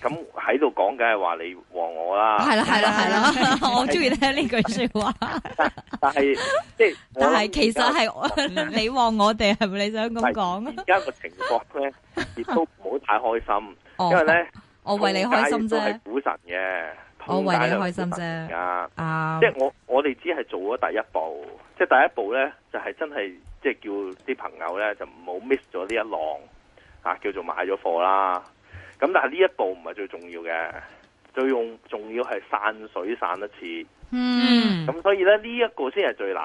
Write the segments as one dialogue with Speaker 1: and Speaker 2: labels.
Speaker 1: 咁喺度講，緊、啊、係 話你旺我啦，係啦係啦
Speaker 2: 係啦，我中意聽呢句說話。但係即係，但係其實係你旺我哋，係咪你想咁講？而
Speaker 1: 家個情況咧，亦都唔好太開心，哦、因為咧，
Speaker 2: 我為你開心啫。
Speaker 1: 股神嘅，我為你開心啫。啊、嗯，即係我我哋只係做咗第一步，嗯、即係第一步咧，就係、是、真係即係叫啲朋友咧，就唔好 miss 咗呢一浪啊，叫做買咗貨啦。咁但係呢一步唔係最重要嘅，最重重要係散水散得切。嗯，
Speaker 3: 咁
Speaker 1: 所以咧，呢一個先係最難。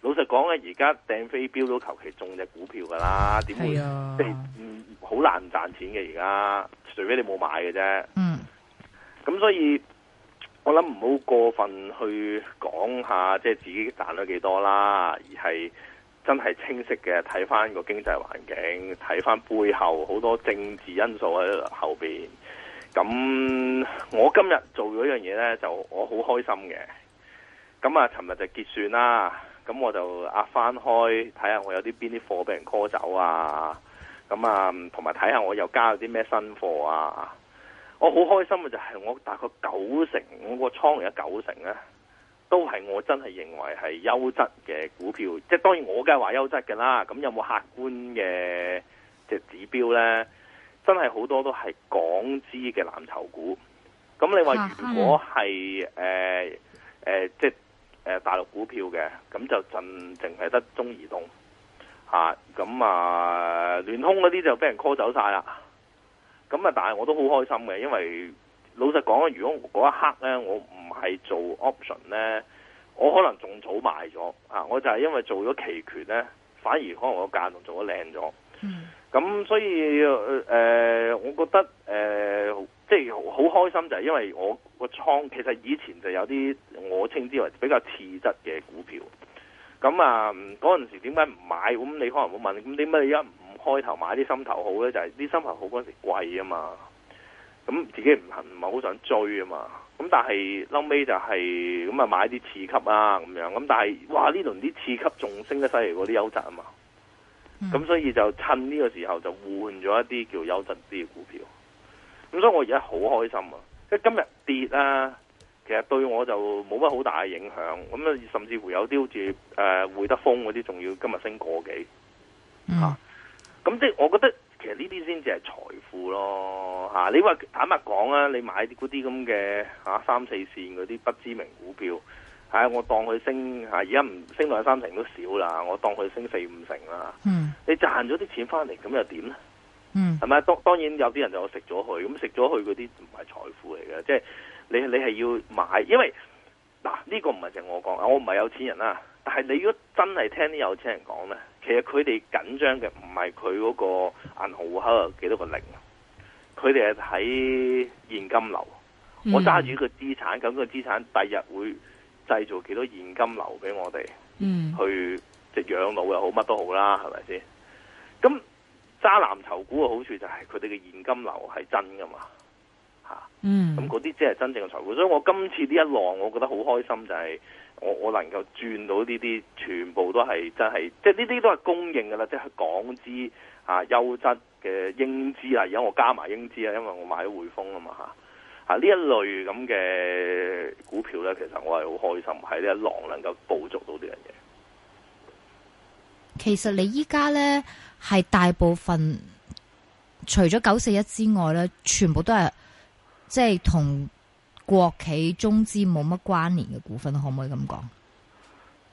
Speaker 1: 老實講咧，而家掟飛鏢都求其中隻股票噶啦，點會、啊、即係好難賺錢嘅而家，除非你冇買嘅啫。嗯，咁所以我諗唔好過分去講下即係自己賺咗幾多啦，而係。真係清晰嘅，睇翻個經濟環境，睇翻背後好多政治因素喺後邊。咁我今日做咗一樣嘢呢，就我好開心嘅。咁啊，尋日就結算啦。咁我就壓、啊、翻開睇下我有啲邊啲貨俾人拖走啊。咁啊，同埋睇下我又加咗啲咩新貨啊。我好開心嘅就係我大概九成，我、個倉而家九成啊。都係我真係認為係優質嘅股票，即係當然我梗係話優質嘅啦。咁有冇客觀嘅嘅指標呢？真係好多都係港資嘅藍籌股。咁你話如果係誒、啊呃呃、即係、呃、大陸股票嘅，咁就剩淨係得中移動。吓。咁啊，聯通嗰啲就俾人 call 走晒啦。咁啊，但係我都好開心嘅，因為。老實講，如果嗰一刻呢，我唔係做 option 呢，
Speaker 4: 我可能
Speaker 1: 仲早賣咗啊！我就係因為做咗期權呢，反而可能我價同做得靚咗。咁、嗯、所以誒、呃，我覺得誒，即係好開心就係因為我個倉其實以前就有啲我稱之為比較次質嘅股票。咁啊，嗰陣時點解唔買？咁你可能會問，咁點解你一唔開頭買啲心頭好呢？就係、是、啲心頭好嗰陣時貴啊嘛。咁自己唔肯，唔係好想追啊嘛。咁但係後尾就係、是、咁啊，買啲次級啊，咁樣。咁但係哇，呢輪啲次級仲升得犀利過啲優質啊嘛。咁所以就趁呢個時候就換咗一啲叫優質啲嘅股票。咁所以我而家好開心啊！即係今日跌啊，其實對我就冇乜好大嘅影響。咁啊，甚至乎有啲好似誒會德豐嗰啲，仲要今日升個幾、嗯、啊。咁即係我覺得。其實呢啲先至係財富咯嚇，你話坦白講啊，你，你買啲咁嘅嚇三四線嗰啲不知名股票，係啊，我當佢升嚇，而家唔升兩三成都少啦，我當佢升四五成啦。嗯，你賺咗啲錢翻嚟咁又點咧？嗯，係咪？當當然有啲人就食咗佢，咁食咗佢嗰啲唔係財富嚟嘅，即係你你係要買，因為嗱呢個唔係淨我講，我唔係有錢人啊，但係你如果真係聽啲有錢人講咧。其實佢哋緊張嘅唔係佢嗰個銀行戶口有幾多個零，佢哋係睇現金流。嗯、
Speaker 3: 我揸住個
Speaker 1: 資產，咁個資產第日會製造幾多現金流俾我哋，嗯，去即係養老又好，乜都好啦，係咪先？咁揸藍籌股嘅好處就係佢哋嘅現金流係真噶嘛，吓，嗯，咁嗰啲即係真正嘅財富。所以我今次呢一浪，我覺得好開心就係、是。我我能夠轉到呢啲，全部都係真係，即係呢啲都係供應噶啦，即係港資啊、優質嘅英資啊，而家我加埋英資啊，因為我買咗匯豐吖嘛吓，啊呢一類咁嘅股票呢，其實我係好開心喺呢一浪能夠捕捉到呢樣嘢。
Speaker 2: 其實你依家呢，係大部分，除咗九四一之外呢，全部都係即係同。國企中資冇乜關聯嘅股份，可唔可以咁講？
Speaker 1: 誒、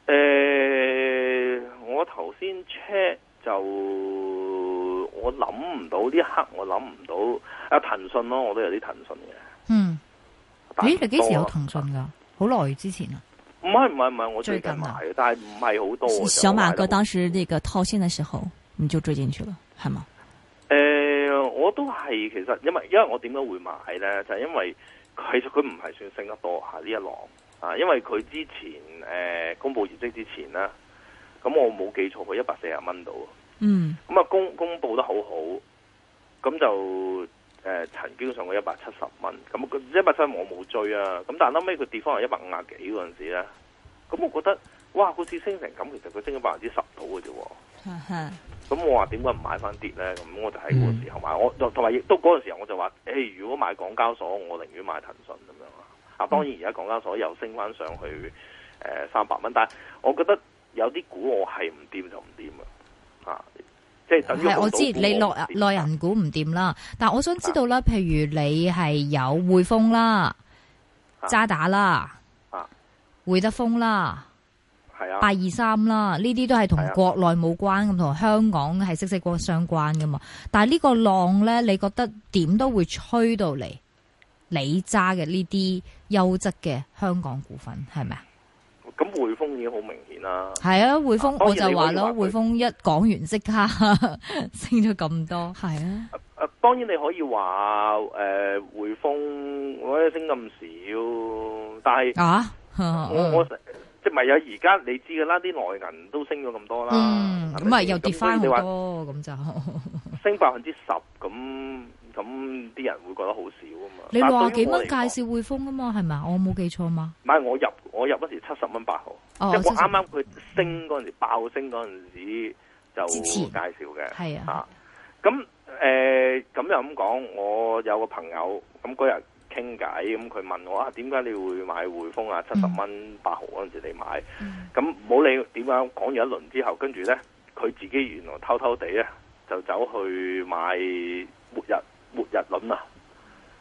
Speaker 1: 欸，我頭先 check 就我諗唔到呢一刻我，我諗唔到啊。騰訊咯，我都有啲騰訊嘅。
Speaker 3: 嗯，
Speaker 2: 咦、欸？你幾時有騰訊噶好耐之前啊？
Speaker 1: 唔係唔係唔係，我最近買嘅，但係唔係好多。小馬哥當
Speaker 2: 時呢個套現嘅時候，你就追進去了，係嗎？
Speaker 1: 誒、欸，我都係其實，因為因為我點解會買咧，就係、是、因為。其實佢唔係算升得多吓呢、啊、一浪啊，因為佢之前誒、呃、公布業績之前咧，咁我冇記錯佢一百四十蚊到，
Speaker 3: 嗯，咁、嗯、
Speaker 1: 啊公公布得好好，咁就誒、呃、曾經上過一百七十蚊，咁一百七十我冇追啊，咁但係後尾，佢跌翻係一百五廿幾嗰陣時咧，咁我覺得哇，好似升成咁，其實佢升咗百分之十到嘅啫。咁 我話點解唔買翻跌呢？咁我就喺嗰個時候買，嗯、我同埋亦都嗰個時候我就話：，誒、欸，如果買港交所，我寧願買騰訊咁樣啊。啊，當然而家港交所又升翻上去，誒、呃，三百蚊。但係我覺得有啲股我係唔掂就唔掂啊。即係等於我知我你內內
Speaker 2: 人股唔掂啦。但我想知道啦、啊，譬如你係有匯豐啦、渣打啦、啊、匯德豐啦。係啊，八二三啦，呢啲都係同國內冇關咁，同、啊、香港係息息相關噶嘛。但係呢個浪咧，你覺得點都會吹到嚟你揸嘅呢啲優質嘅香港股份係咪啊？
Speaker 1: 咁匯豐已經好明顯啦。係
Speaker 2: 啊，匯豐我就話咯，匯豐一講完即刻升咗咁多。
Speaker 3: 係啊，
Speaker 1: 誒，當然你可以話誒，匯豐、 啊啊啊呃、我升咁少，但係啊， 啊，我我。 即係咪有而家你知嘅啦？啲內銀都升咗咁多啦，咁、嗯、啊又跌翻好多你，咁 就升百分之十，咁咁啲人會覺得好少啊嘛。你話幾蚊介
Speaker 2: 紹匯豐啊嘛？係咪啊？我冇記錯嘛？
Speaker 1: 唔係我入我入嗰時七十蚊八毫，我啱啱佢升嗰陣時爆升嗰陣時就介紹嘅，係啊。嚇咁誒咁又咁講，我有個朋友咁嗰日，傾偈咁佢問我啊，點解你會買匯豐啊？七十蚊八毫嗰陣時你買，咁冇理點樣講完一輪之後，跟住咧佢自己原來偷偷地啊，就走去買末日末日輪啊，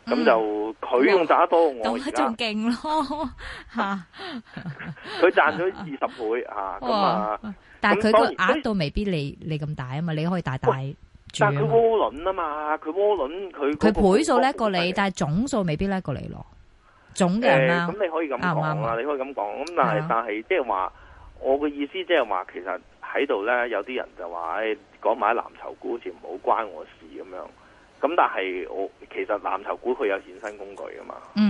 Speaker 1: 咁就佢仲賺得多，我而家仲
Speaker 2: 勁咯嚇，
Speaker 1: 佢賺咗二十倍嚇，咁啊，但係佢個額
Speaker 2: 度未必你你咁大啊嘛，你可以大大。
Speaker 1: 但佢窩輪啊嘛，佢窩輪佢佢倍數叻過
Speaker 2: 你，但係總數未必叻過你咯。總嘅咁、啊欸、
Speaker 1: 你可以咁講啦，你可以咁講。咁、啊啊、但係、啊、但係即係話，我嘅意思即係話，其實喺度咧有啲人就話，誒、哎，講埋藍籌股好似唔好關我事咁樣。咁但係我其實藍籌股佢有衍生工具噶嘛。嗯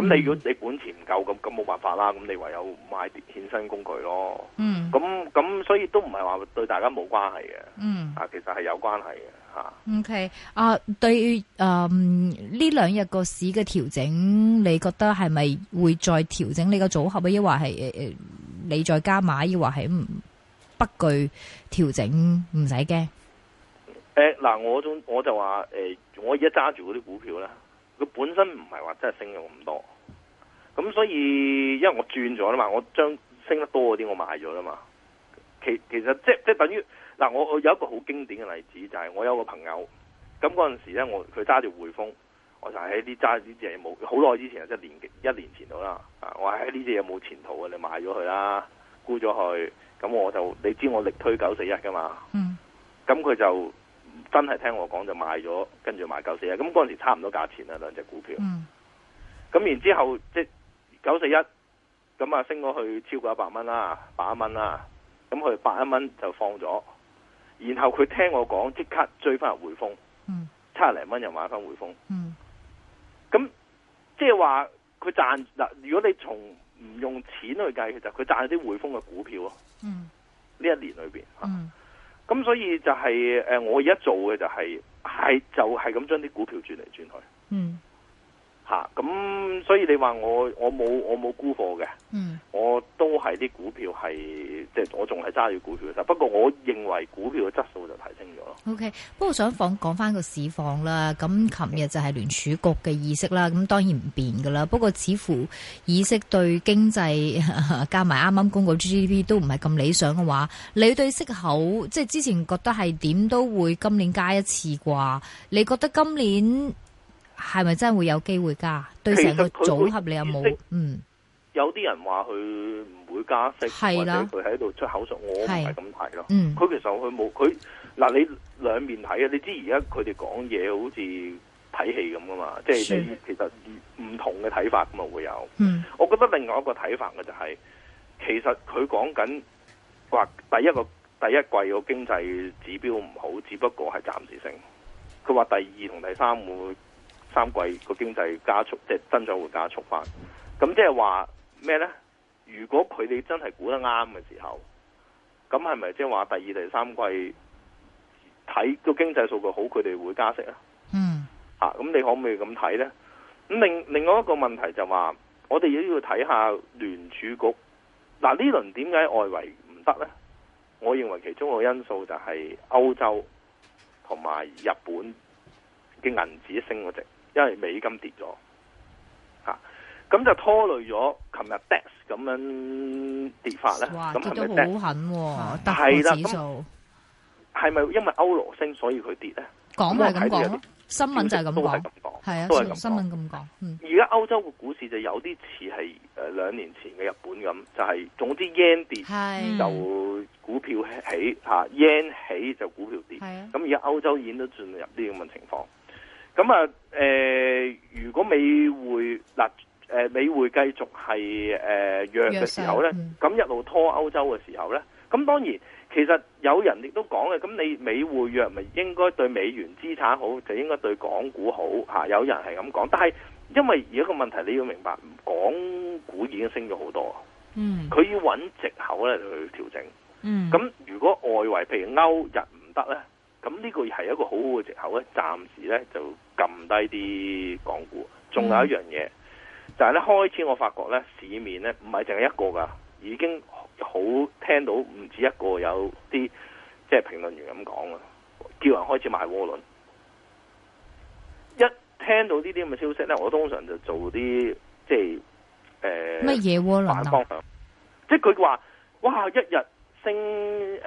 Speaker 1: 咁你如果你本錢唔夠，咁咁冇辦法啦。咁你唯有買啲衍生工具咯。嗯。咁咁，所以都唔係話對大家冇關係嘅。嗯。啊，其實係有關係
Speaker 2: 嘅吓。OK，啊，對，嗯，呢兩日個市嘅調整，你覺得係咪會再調整你個組合啊？抑或係誒誒，你再加碼？抑或係不具調整，唔使驚。
Speaker 1: 誒嗱，我仲我就話誒，我而家揸住嗰啲股票咧。佢本身唔係話真係升咗咁多，咁所以因為我轉咗啦嘛，我將升得多嗰啲我賣咗啦嘛。其其實即即等於嗱，我我有一個好經典嘅例子就係我有一個朋友，咁嗰陣時咧我佢揸住匯豐，我就喺啲揸呢隻嘢冇好耐之前，即係年一年前度啦。啊，我話呢隻嘢冇前途啊，你賣咗佢啦，沽咗佢，咁我就你知我力推九四一㗎嘛。嗯，咁佢就。真係聽我講就買咗，跟住買九四一。咁嗰陣時差唔多價錢啦，兩隻股票。咁、嗯、然之後即九四一咁啊，即係、九四一，就升咗去超過一百蚊啦，百一蚊啦。咁佢百一蚊就放咗，然後佢聽我講即刻追翻入匯豐。七十零蚊又買翻匯豐。咁即係話佢賺嗱，如果你從唔用錢去計，其實佢賺啲匯豐嘅股票
Speaker 3: 咯。
Speaker 1: 呢、嗯、一年裏邊咁所以就係、係、誒，我而家做嘅就係、係、係就係咁將啲股票轉嚟轉去。嗯。嚇、啊！咁所以你話我，我冇我冇沽貨嘅，
Speaker 3: 嗯，
Speaker 1: 我都係啲股票係即係我仲係揸住股票嘅，但不過我認為股票嘅質素就提升咗咯。
Speaker 2: OK，不過想講講翻個市況啦，咁琴日就係聯儲局嘅議息啦，咁當然唔變㗎啦。不過似乎議息對經濟加埋啱啱公告 G D P 都唔係咁理想嘅話，你對息口即係之前覺得係點都會今年加一次啩？你覺得今年？係咪真係會有機會加？對成個組合你沒有冇？嗯，
Speaker 1: 有啲人話佢唔會加息，係、嗯、啦，佢喺度出口述，我唔係咁睇咯。佢其實佢冇佢嗱，你兩面睇啊！你知而家佢哋講嘢好似睇戲咁噶嘛，即係、嗯、你其實唔同嘅睇法咁啊會有、嗯。我覺得另外一個睇法嘅就係、是，其實佢講緊話第一個第一季個經濟指標唔好，只不過係暫時性。佢話第二同第三會。三季個經濟加速，即係增長會加速翻。咁即係話咩呢？如果佢哋真係估得啱嘅時候，咁係咪即係話第二、第三季睇個經濟數據好，佢哋會加息啊？嗯，吓、啊、咁你可唔可以咁睇呢？咁另另外一個問題就話，我哋亦都要睇下聯儲局。嗱，呢輪點解外圍唔得呢？我認為其中一個因素就係歐洲同埋日本嘅銀紙升嗰隻。因為美金跌咗，吓、啊、咁就拖累咗琴日 DAX 咁樣跌法咧。哇，係咪跌咪好
Speaker 2: 狠喎、哦！突破指數
Speaker 1: 係咪因為歐羅升所以佢跌咧？講，咪咁講，
Speaker 2: 新聞就係咁講，係
Speaker 1: 啊都係，新聞咁講。而、嗯、家歐洲嘅股市就有啲似係誒兩年前嘅日本咁，就係、係、總之 yen 跌、啊、就股票起吓、啊，yen 起就股票跌。咁而家歐洲已經都進入呢啲咁嘅情況。咁啊，誒、呃，如果美匯嗱，誒、呃，美匯繼續係誒、呃、弱嘅時候咧，咁一路拖歐洲嘅時候咧，咁當然其實有人亦都講嘅，咁你美匯弱咪應該對美元資產好，就應該對港股好嚇、啊。有人係咁講，但係因為而家個問題你要明白，港股已經升咗好多，嗯，
Speaker 3: 佢要
Speaker 1: 揾藉口咧去調整，嗯，咁如果外圍譬如歐日唔得咧？咁呢個係一個好好嘅藉口咧，暫時咧就撳低啲港股。仲有一樣嘢、嗯，但係咧開始我發覺咧，市面咧唔係淨係一個㗎，已經好聽到唔止一個有啲即係評論員咁講啊，叫人開始買窩輪。一聽到呢啲咁嘅消息咧，我通常就做啲即係誒、呃、乜嘢窩輪、反方向，即係佢話哇，一日升咁、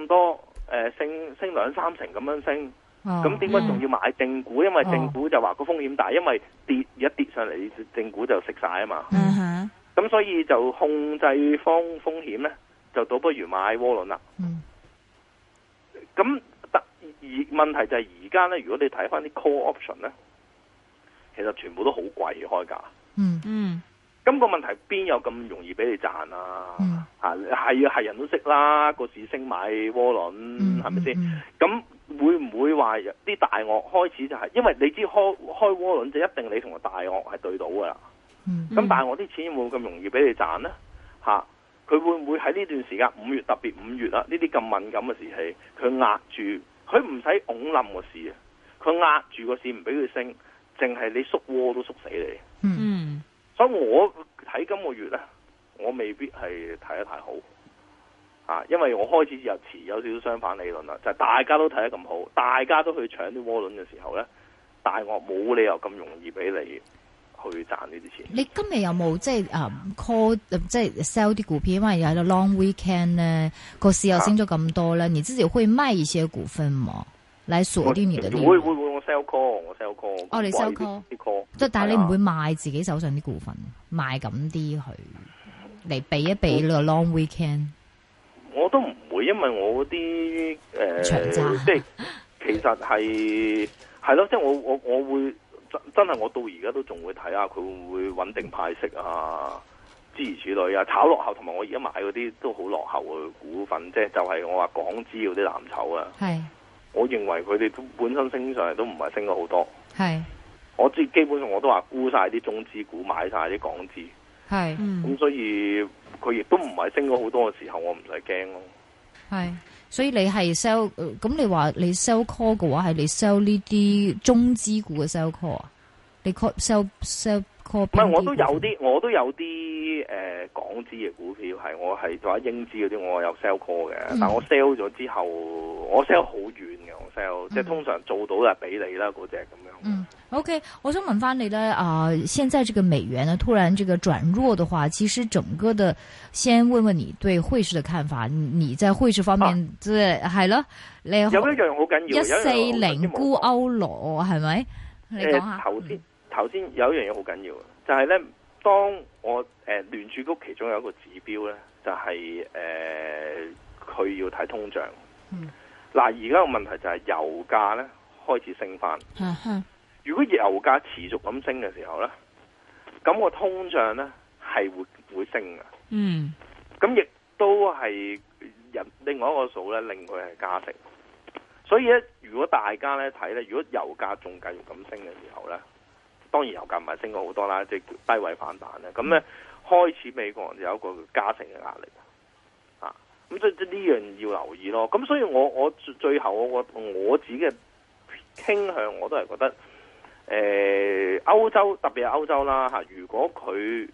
Speaker 1: 呃、多。誒、呃，升升兩三成咁樣升，咁點解仲要買正股？因為正股就話個風險大、哦，因為跌一跌上嚟，正股就蝕晒啊嘛。嗯，咁所以就控制方風險呢，就倒不如買窩輪啦。嗯，咁但而問題就係而家呢，如果你睇翻啲 call option 呢，其實全部都好貴嘅開價。嗯嗯。咁、那個問題邊有咁容易俾你賺啊？吓、嗯、係啊，係人都識啦，個市升買窩輪，係咪先？咁、嗯嗯、會唔會話啲大鱷開始就係、是？因為你知開開窩輪就一定你同個大鱷係對到噶啦。咁、嗯、大鱷啲錢會唔會咁容易俾你賺呢？吓、啊，佢會唔會喺呢段時間五月特別五月啦呢啲咁敏感嘅時期？佢壓住，佢唔使拱冧個市啊，佢壓住個市唔俾佢升，淨係你縮窩都縮死你。嗯。嗯所以我睇今個月咧，我未必係睇得太好，啊，因為我開始入持有少少相反理論啦，就係、是、大家都睇得咁好，大家都去搶啲窩輪嘅時候咧，但係我冇理由咁容易俾你去賺呢啲錢。你
Speaker 2: 今日有冇即係啊 call 即係 sell 啲股票，因為有個 long weekend 咧，個市又升咗咁多咧，啊，你自己會賣一些股份嘛，來鎖定你的利
Speaker 1: sell call 我 sell call，我
Speaker 3: 嚟 sell call 啲 call，即係，但
Speaker 2: 係你唔會賣自己手上啲股份。啊、賣咁啲去嚟避一避個 long weekend 我。
Speaker 1: 我都唔會，因為我啲誒、呃 啊，即係其實係係咯，即係我我我會真真係我到而家都仲會睇下佢會唔會穩定派息啊，諸如此類啊，炒落後，同埋我而家買嗰啲都好落後嘅股份，即係就係、是、我話港資嗰啲藍籌啊。係。我認為佢哋都本身升上嚟都唔係升咗好多。係，我至基本上我都話沽晒啲中資股，買晒啲港資。
Speaker 3: 係，
Speaker 2: 咁
Speaker 1: 所以佢亦都唔係升咗好多嘅時候，我唔使驚咯。
Speaker 2: 係，所以你係 sell，咁你話你 sell call 嘅話係你 sell 呢啲中資股嘅 sell call 啊？你 call sell sell, sell……。唔係，我都有啲，
Speaker 1: 我都有啲誒、呃、港資嘅股票係，我係做下英資嗰啲，我有 sell call 嘅、嗯。但係我 sell 咗之後，我 sell 好遠嘅，我 sell、嗯、即係通常做到就俾你啦嗰隻咁樣。嗯
Speaker 2: ，OK，我想問翻你咧，啊、呃，現在這個美元呢突然這個轉弱的話，其實整個的，先問問你對匯市的看法，你在匯市方面，即係係咯，呢有一樣好緊要，一四零沽歐羅係咪？你講
Speaker 1: 下頭先。頭先有一樣嘢好緊要嘅就係、是、咧，當我誒、呃、聯儲局其中有一個指標咧，就係誒佢要睇通脹。嗱、嗯，而家個問題就係油價咧開始升返、嗯。如果油價持續咁升嘅時候咧，咁、那個通脹咧係會會升嘅。咁、嗯、亦都係另另外一個數咧令佢係加息。所以咧，如果大家咧睇咧，如果油價仲繼續咁升嘅時候咧，當然油價唔係升過好多啦，即係低位反彈咧。咁咧開始美國有一個加成嘅壓力啊。咁所以即呢樣要留意咯。咁所以我我最後我我自己嘅傾向我都係覺得，誒歐洲特別係歐洲啦嚇，如果佢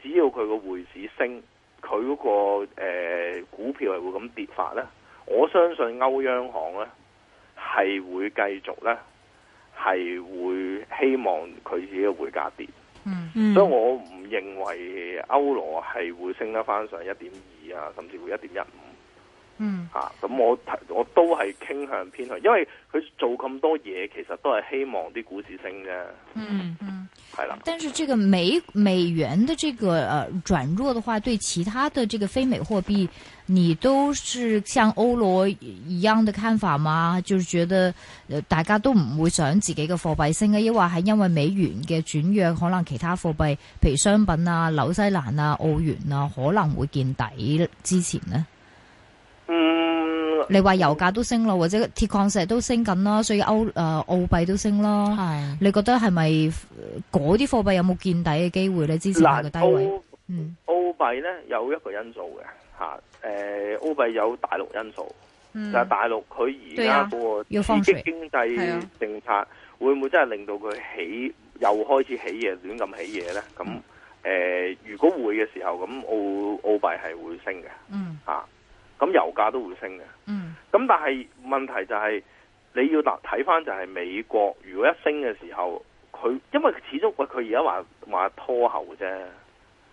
Speaker 1: 只要佢個匯市升，佢嗰個股票係會咁跌法咧。我相信歐央行咧係會繼續咧。係會希望佢自己嘅匯價跌，嗯，嗯，
Speaker 3: 所以我
Speaker 1: 唔認為歐羅係會升得翻上一點二啊，甚至會一點一五，嗯，
Speaker 2: 吓、
Speaker 1: 啊，咁我我都係傾向偏向，因為佢做咁多嘢，其實都係希望啲股市升嘅，嗯。嗯但
Speaker 2: 是這個美美元的這個轉弱的話，對其他的這個非美貨幣，你都是像歐羅一樣的看法嘛？就覺得大家都唔會想自己嘅貨幣升嘅，抑或係因為美元嘅轉弱，可能其他貨幣，譬如商品啊、紐西蘭啊、澳元啊，可能會見底之前呢。嗯。你話油價都升咯，或者鐵礦石都升緊啦，所以歐誒、呃、澳幣都升咯。係你覺得係咪嗰啲貨幣有冇見底嘅機會咧？支持下個低位。嗯，
Speaker 1: 澳幣咧有一個因素嘅吓，誒、啊，澳幣有大陸因素，嗯、就係、是、大陸佢而家嗰個刺激經濟政策會唔會真係令到佢起又開始起嘢，亂咁起嘢咧？咁誒、啊，如果會嘅時候，咁澳澳幣係會升嘅。嗯，吓。咁油價都會升嘅，咁但係問題就係、是、你要睇翻，就係美國如果一升嘅時候，佢因為始終佢而家話話拖後啫，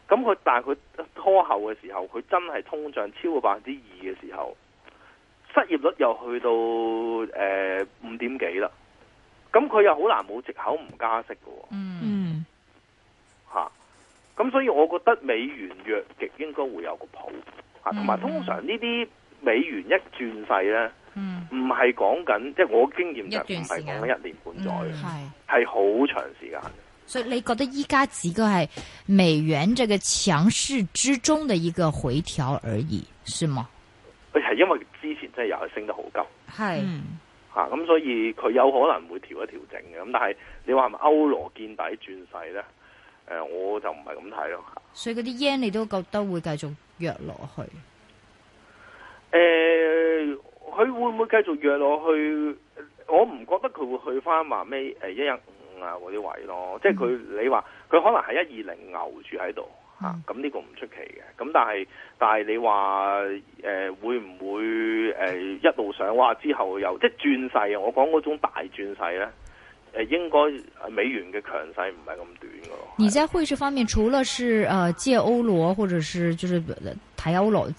Speaker 1: 咁佢但係佢拖後嘅時候，佢真係通脹超過百分之二嘅時候，失業率又去到誒五、呃、點幾啦，咁佢又好難冇借口唔加息嘅、哦，嗯，吓、啊，咁所以我覺得美元弱極應該會有個譜。同、啊、埋通常呢啲美元一轉勢咧，唔係講緊，即係、就是、我經驗就唔係講緊一年半載嘅，係好、嗯、長時間。
Speaker 2: 所以你覺得依家只個係美元這個強勢之中嘅一個回調而已，是嗎？
Speaker 1: 係因為之前真係又係升得好急，係嚇咁，啊、所以佢有可能會調一調整嘅。咁但係你話係咪歐羅見底轉勢咧？誒、呃，我就唔係咁睇咯。
Speaker 2: 所以嗰啲 yen 你都覺得會繼續？約落去，
Speaker 1: 誒、呃，佢會唔會繼續約落去？我唔覺得佢會去翻話咩誒，一一五啊嗰啲位咯。嗯、即係佢，你話佢可能係一二零牛住喺度吓，咁、嗯、呢個唔出奇嘅。咁但係但係你話誒、呃，會唔會誒、呃、一路上話，之後又即係轉勢啊！我講嗰種大轉勢咧。誒，應該誒，美元嘅強勢唔係咁短
Speaker 2: 噶。而家匯市方面，除了是誒、呃、借歐羅，或者是就是睇歐羅、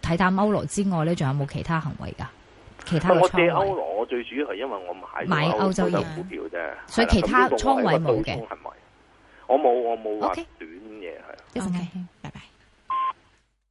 Speaker 2: 睇淡歐羅之外咧，仲有冇其他行為噶？其他的我借歐
Speaker 1: 羅，我最主要係因為我買歐買歐洲嘅股票啫。所以其他倉位冇嘅。我冇，我冇短嘢係。Okay.